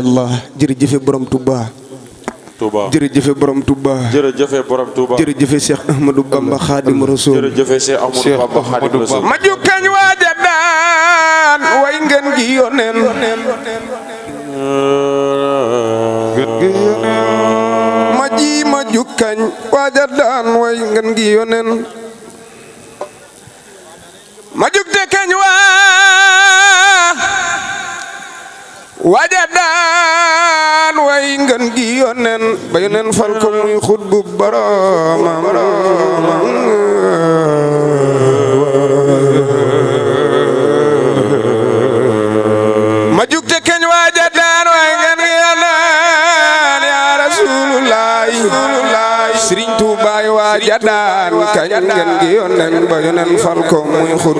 Allah jërëjëfe borom Touba. Touba jërëjëfe borom Touba. jërëjëfe borom Touba. jërëjëfe Cheikh Ahmadou Bamba Khadim Rasoul. jërëjëfe Cheikh Ahmadou Bamba Khadim Rasoul. ma ju kañ waaja daan way ngeen gi yoneen. ma ji ma ju kañ waaja daan way ngeen gi yoneen. ma jug te kañ waa waaja ngën ma jug te keñ waaja daan waay ya rasuulullaay Sëriñ Tuubaay waaja kañ ngën gi ba yonen fal ko muy xut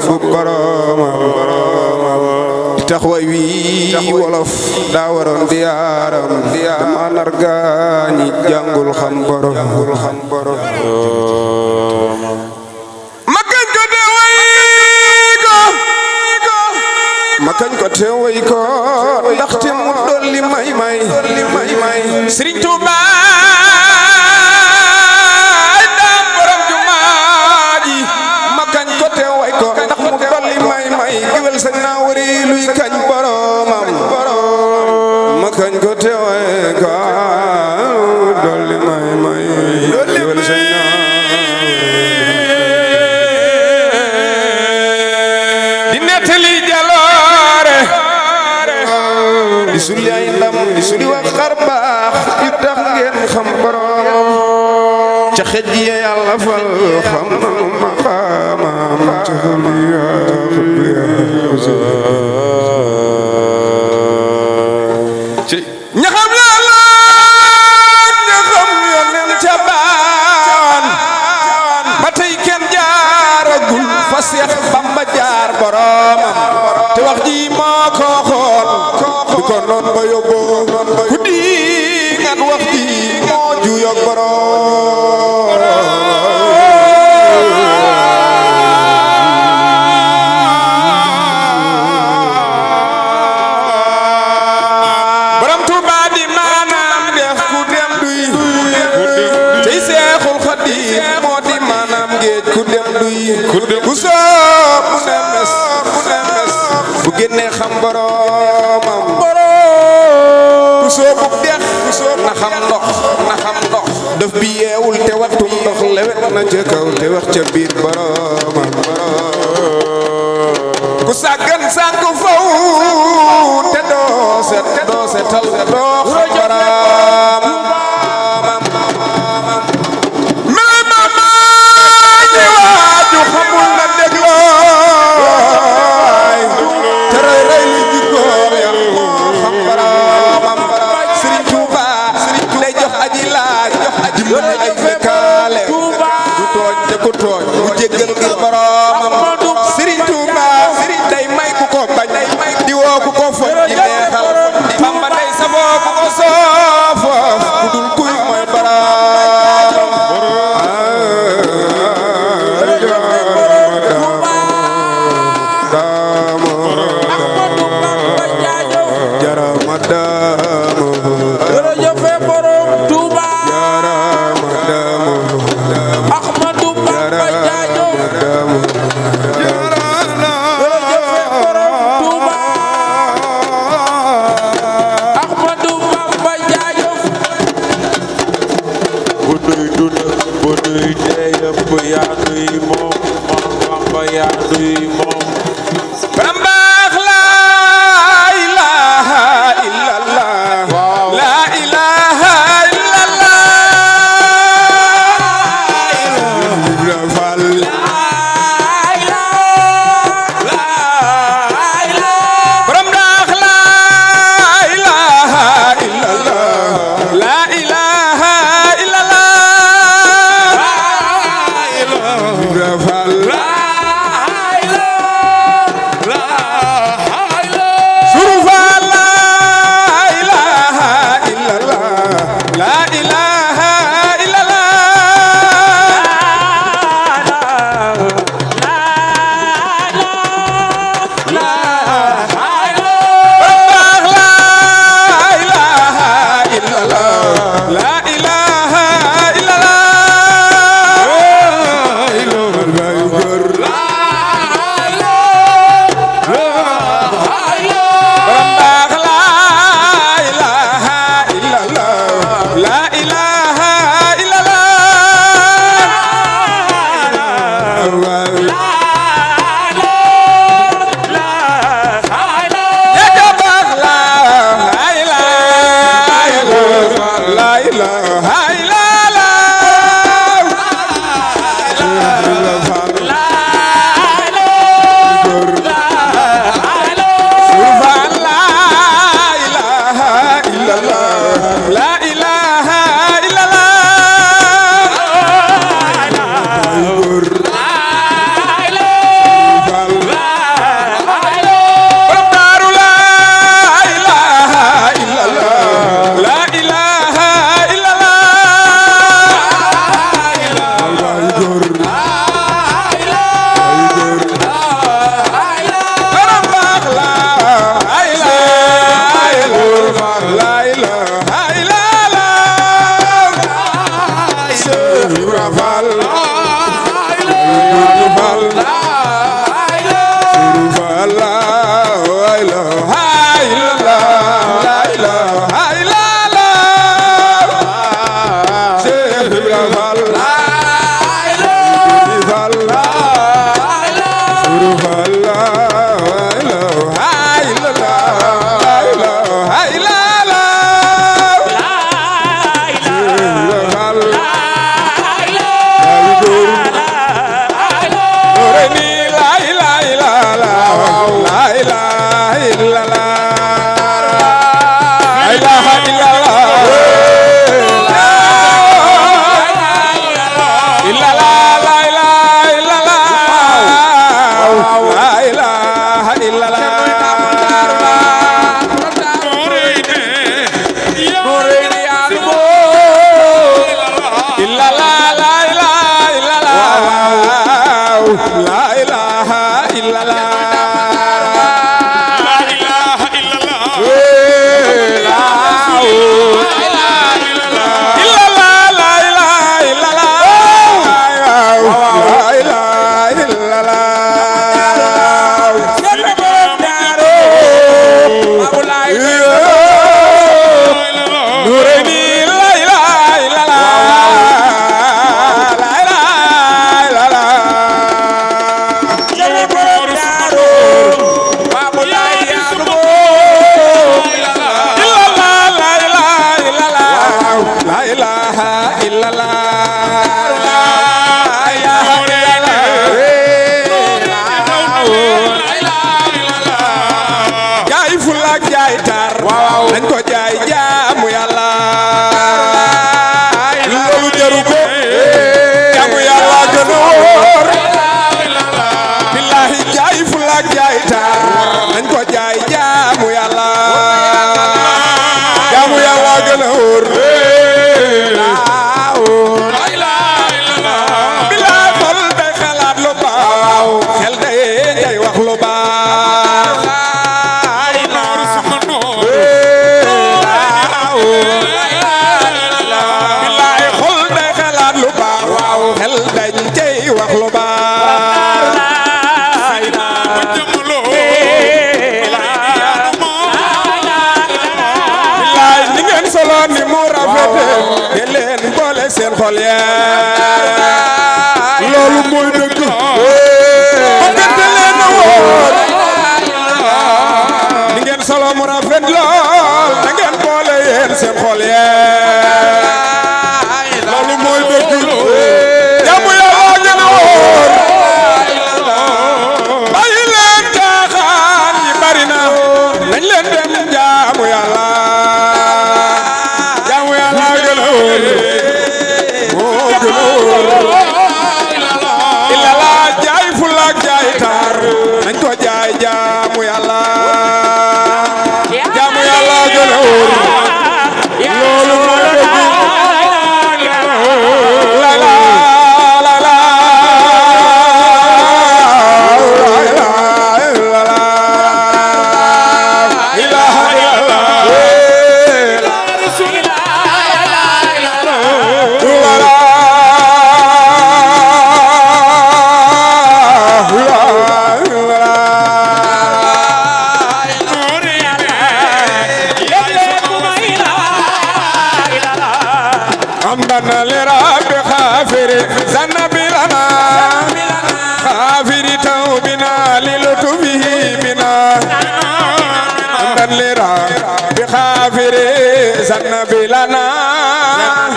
tax way wi wolof daa di yaaram dama nar gaañi jàngul xam borom ma ko te ko ndaxte dolli may may Sëriñ Tuubaa fa xam boroomam ku soobub dex na xam ndox na xam ndox daf bi yeewul te wattum ndox lewet na ca kaw te wax ca biir boroomam Good night. nuy dund bu nuy dee yëpp yaa nuy moom moom Bamba yaa nuy moom Bamba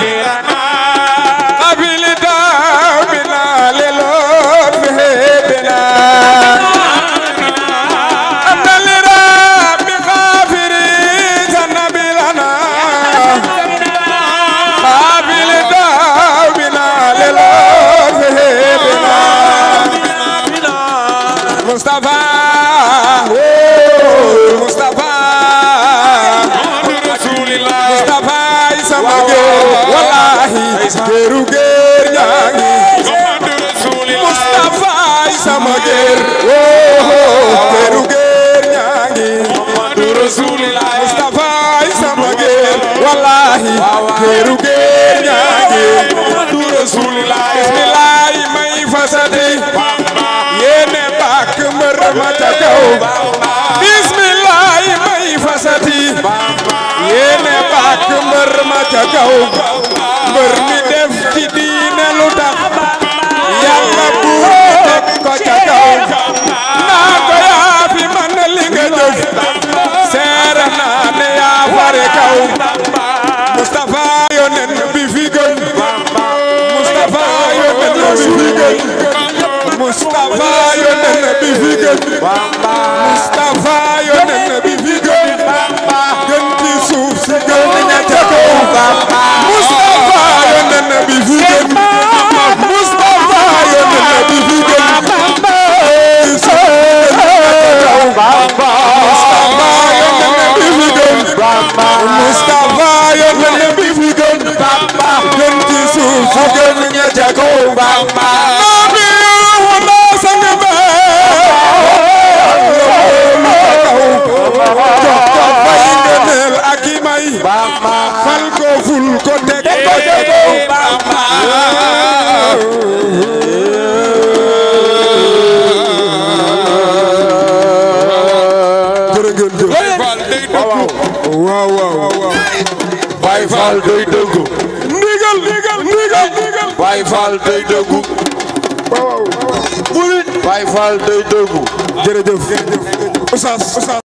Yeah. kaw mbër mi def ci diine lu tax ca kaw naa ko yaa man li nga jëf seere naa ne kaw Moustapha yonen bi su génn ña ca kaw Bamba nabi wala sang ba jox ko fay ngëneel ak i may fal ko ful ko teg ko ca kaw Bamba jërë ngeen jëf waaw waaw Baay Faal doy Baay Faal day dëggu waaw murit Baay Faal day dëggu